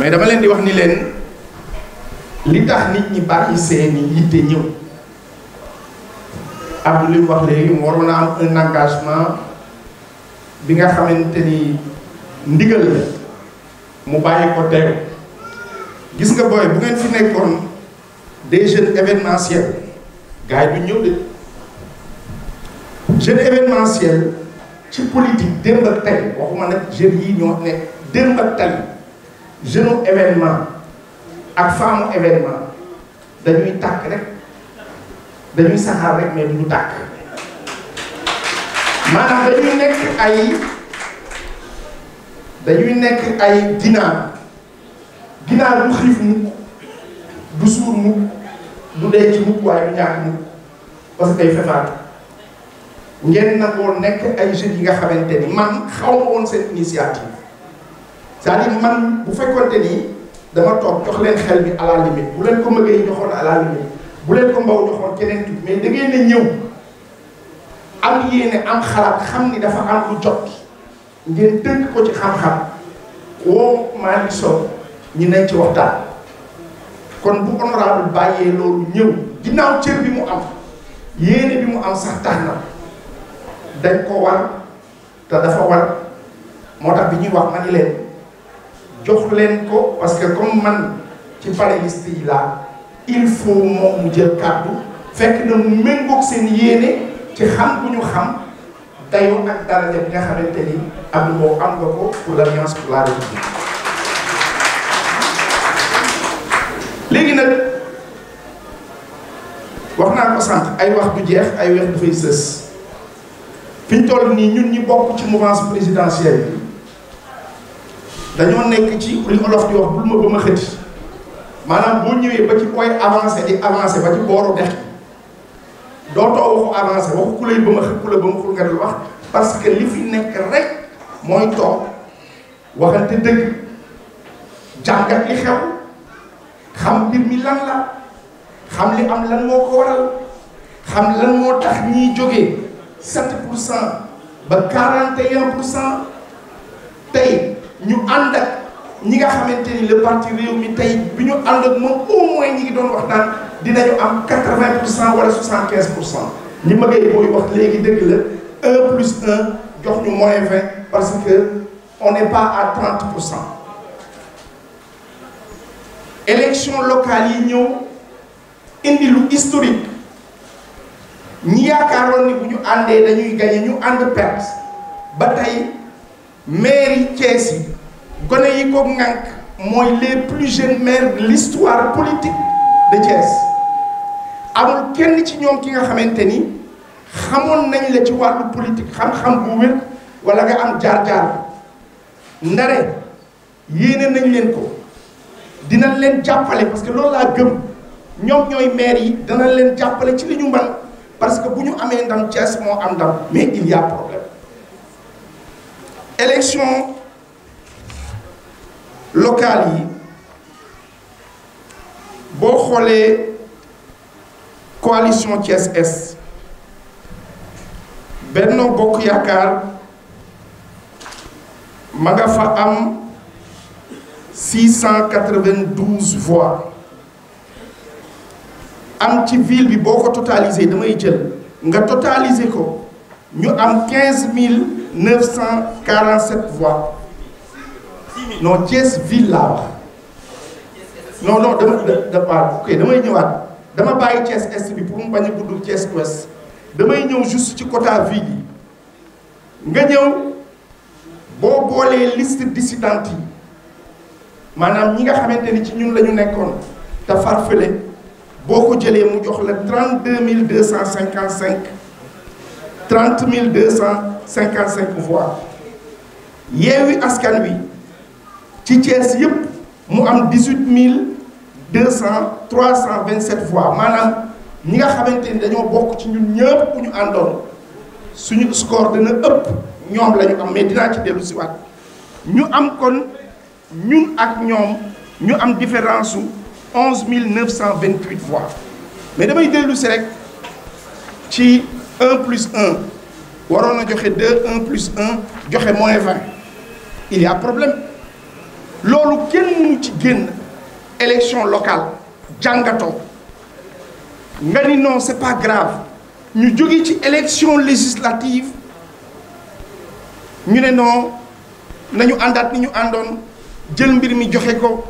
mais dama leen di wax ni leen li tax nit ñi bàyyi seeni yitte ñëw Abdou li wax léegi mu waroon a am un engagement bi nga xamante ni ndigal la mu bàyyi ko teew gis nga booy bu ngeen fi nekkoon des jeunes événementiels gars yi du ñëw de jeune événementiel ci politique démb ak tey waxuma nag jeunes yi ñoo nekk démb ak tey jeune événement ak femme événement dañuy tàkk rek dañuy saxaar rek mais duñu tàkk maanaam dañuy nekk ay dañuy nekk ay ginaar ginaar du xiif mukk du suur mukk du dee ci mukk waaye du ñàkk mukk parce que day fefaat ngeen nangoo nekk ay jeunes yi nga xamante ni man xaw ma woon seen initiative c'est-à-dire man bu fekkonte ni dama toog jox leen xel bi à la limite bu leen ko mëggee yi joxoon à la limite bu leen ko mbaw joxoon keneen tuuti mais da ngeen ne ñëw am yéene am xalaat xam ni dafa am lu jot ngeen tënk ko ci xam-xam woo maa ngi soog ñi nañ ci waxtaan kon bu honorable bàyyee loolu ñëw ginnaaw cër bi mu am yéene bi mu am sax tax na dañ ko war te dafa war moo tax bi ñuy wax ma ni leen jox leen ko parce que comme man ci panéliste yi laa il faut moom mu jël kàddu fekk na mu méngoog seen yéene ci xam bu ñu xam dayoo ak daraja bi nga xamante ni am moo am nga ko pour l'alliance pour la république léegi nag wax naa ko sant ay wax du jeex ay wax dafay sës fi ñu toll nii ñun ñi bokk ci mouvance présidentielle bi dañoo nekk ci li wax bul ma ba ma xëti maanaam boo ñëwee ba ci koy avancé di avancé ba ci booru dex dootoo waxu avancé waxu ku lay ba ma xëpp la ba ma xul nga di wax parce que li fi nekk rek mooy toog waxante dëgg jàngat li xew xam mbir mi lan la xam li am lan moo ko waral xam lan moo tax ñiy jóge 7 pour cent ba 41 pour cent tey ñu ànd ak ñi nga xamante ni le parti réew mi tey bi ñu ànd ak moom au moins ñi ngi doon wax naan dinañu am quatre vingt cent wala soixante quinze pour cent ñi ma ngay booy wax léegi dëgg la un plus un jox ñu moins vingt parce que on n'est pas à trente pour cent élection locale yi ñëw indi lu historique ñi yaakaaroon ni bu ñu àndee dañuy gagné ñu ànd perte ba tey mairie Thiès yi gone yi ko ŋànk mooy les plus jeunes maire de l'histoire politique de Thiès amul kenn ci ñoom ki nga xamante ni xamoon nañ la ci wàllu politique xam-xam bu wér wala nga am jaar-jaar ndare yéene nañ leen ko dina leen jàppale parce que loolu laa gëm ñoom ñooy maire yi dana leen jàppale ci li ñu mën parce que bu ñu amee ndam Thiès moo am ndam mais il y problème locales yi boo xoolee coalition Thiès Est Benno Bokk Yaakaar ma nga fa am 692 voix am ci ville bi boo ko totalisé damay jël nga totalisé ko ñu am 15 947 voix. non Thiès ville laa wax non non dama ok damay ñëwaat dama bàyyi Thiès est bi pour mu bañ a gudd Thiès ouest damay ñëw juste ci quota ville yi nga ñëw boo boolee liste dissidente yi maanaam ñi nga xamante ni ci ñun la ñu nekkoon te farfële boo ko jëlee mu jox la trente deux mille deux cent cinquante cinq trente mille deux cent cinquante cinq voix yeewi askan wi. ci Thiès yëpp mu am dix huit mille deux cent trois cent vingt sept voix maanaam ñi nga xamante ni dañoo bokk ci ñun ñëpp ku ñu àndoon suñu score dana ëpp ñoom lañu ñu am mais dinaa ci dellu si waat ñu am kon ñun ak ñoom ñu am différence su onze mille neuf cent vingt huit voix mais damay dellu rek ci un plus un waroon a joxe deux un plus un joxe moins vingt il y problème. loolu kenn mu ci génn élection locale jàngato nga ni non c'est pas grave ñu jóge ci élection législative ñu ne non nañu àndaat ni ñu àndoon jël mbir mi joxe ko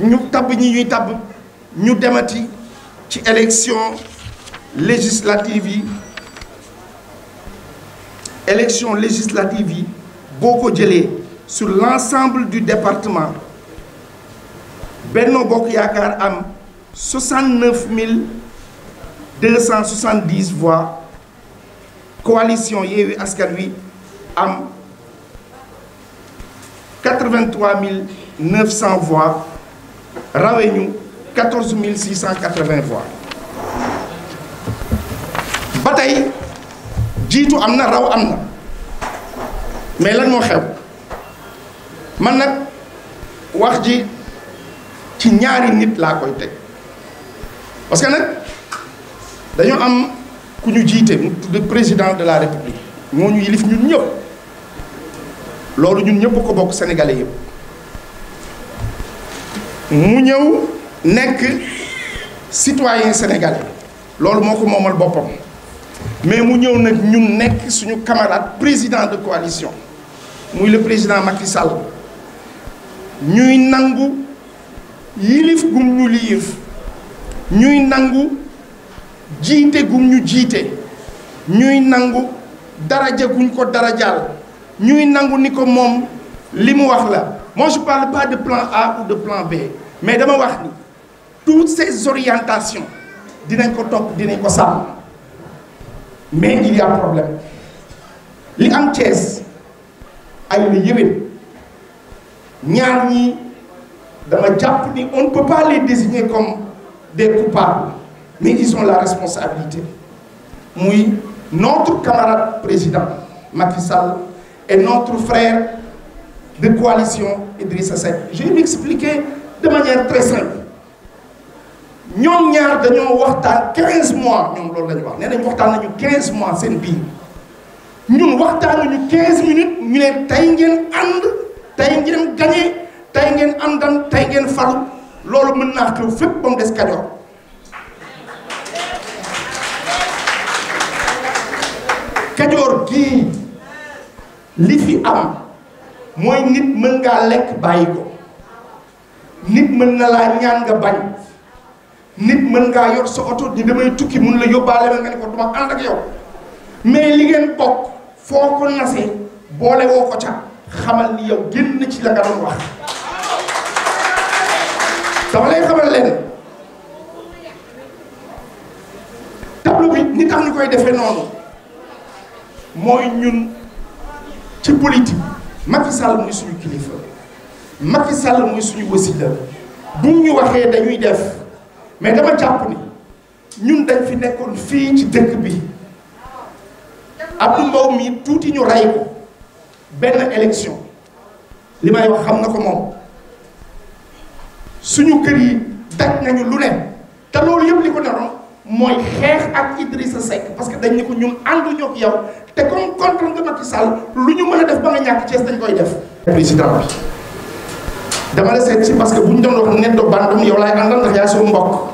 ñu tabb ñi ñuy tabb ñu demati ci élection législative yi élection législative yi boo ko jëlee sur l'ensemble du département Benno Bokk Yaakaar am 69 270 voix coalition Yewwi Askan Wi am 83 900 voix rawee ñu 14 680 voix ba tey jiitu am na raw am na mais lan moo xew man nag wax ji ci ñaari nit laa koy teg parce nag dañoo am ku ñu jiite mu tudd président de la république moo ñu yilif ñun ñëpp loolu ñun ñëpp ko bokk sénégalais yëpp mu ñëw nekk citoyen sénégalais loolu moo ko moomal boppam mais mu ñëw nag ñun nekk suñu camarade président de coalition muy le président Macky Sall. ñuy nangu yilif gum ñu liif ñuy nangu jiite gum ñu jiite ñuy nangu daraja guñ ko darajaal ñuy nangu ni ko moom li mu wax la moi je parle pas de plan A ou de plan B mais dama wax ni toutes ces orientations dinañ ko topp dinañ ko sàmm mais il y a problème li am Thiès ay la yëwén ñaar ñi dama jàpp ni on ne peut pas les désigner comme des coupables mais ils ont la responsabilité muy notre camarade président Macky Sall et notre frère de coalition Idrissa Seck je vais l'expliquer de manière très simple ñoom ñaar dañoo waxtaan 15 mois ñoom loolu la ñu wax nee nañ waxtaan nañu 15 mois seen biir ñun waxtaan nañu 15 minutes ñu ne tey ngeen ànd. tey ngeen gañe tey ngeen am ndam tey ngeen faru loolu mën naa xew fépp ba mu des Kajoor Kajoor gii li fi am mooy nit mën ngaa lekk bàyyi ko nit mën na laa ñaan nga bañ nit mën ngaa yor sa oto di damay tukki mun la yóbbaale ma nga ne ko duma ànd ak yow mais li ngeen bokk foo ko nasee boole ko ca xamal ni yow génn ci la nga doon wax dama lay xamal leen tableau bi ni am ñu koy defe noonu mooy ñun ci politique Macky Sall muy suñu kilifa Macky Sall muy suñu wasila bu ñu waxee dañuy def mais dama jàpp ni ñun dañ fi nekkoon fii ci dëkk bi Abdou Mbow mi tuuti ñu ray benn élection li may wax xam na ko moom suñu kër yi daj nañu lu ne te loolu yëpp li ko naroon mooy xeex ak Idrissa Seck parce que dañ ne ko ñun ànduñu ak yow te comme contre nga Macky Sall lu ñu mën a def ba nga ñàkk Thiès dañ koy def. président bi dama la seet si parce que bu ñu doon wax Netto Bantam yow laay àndal ndax yaa soo mbokk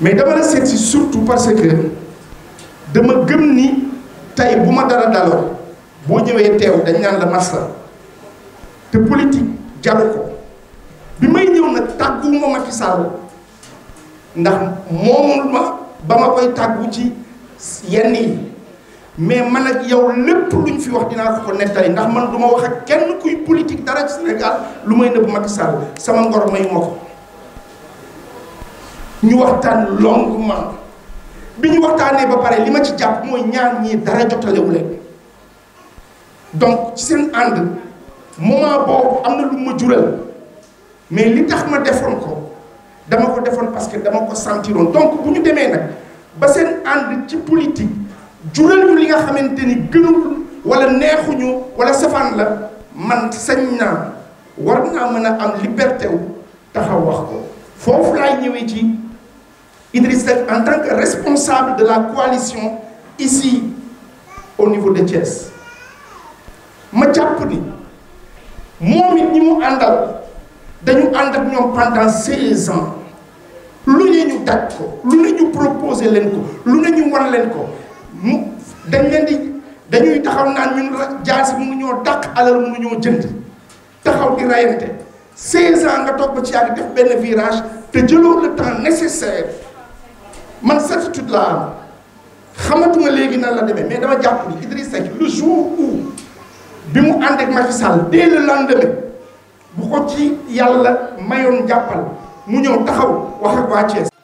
mais dama la seet si surtout parce que dama gëm ni tey bu ma dara daloo. boo ñëwee teew dañ naan la massa te politique jaru ko bi may ñëw nag tàgguwuma Macky Sall ndax moomul ma ba ma koy tàggu ci yenn yi mais man ak yow lépp ñu fi wax dinaa ko ko nettali ndax man du ma wax ak kenn kuy politique dara ci Sénégal lu may nëbb Macky Sall sama ngor mayuma ko ñu waxtaan longuement bi ñu waxtaanee ba pare li ma ci jàpp mooy ñaar ñii dara jotalewu leen donc ci seen ànd moment boobu am na lu ma jural mais li tax ma defoon ko dama ko defoon parce que dama ko sentiroon donc bu ñu demee nag ba seen ànd ci politique jural ñu li nga xamante ni gënul wala neexuñu wala safaan la man sañ naa war naa mën a am liberté taxaw wax ko foofu laay ñëwee ci Idriss Seck en tant que responsable de la coalition ici au niveau de Thiès. ma jàpp ni moom it ñi mu àndal dañu ànd ak ñoom pendant seize ans lu ne ñu daj ko lu ne ñu proposé leen ko lu ne ñu war leen ko mu dañ leen di dañuy taxaw naan ñun jaasi mënu ñoo dàq alal mënu ñoo jënd taxaw di rayante seize ans nga toog ba ci yàgg def benn virage te jëloo le temps nécessaire man certitude laa am xamatuma léegi nan la demee mais dama jàpp ni Idriss Seck le jour où bi mu àndeek ma Macky Sall dès le lendemain bu ko ci yàlla mayoon jàppal mu ñëw taxaw wax ak waa Thiès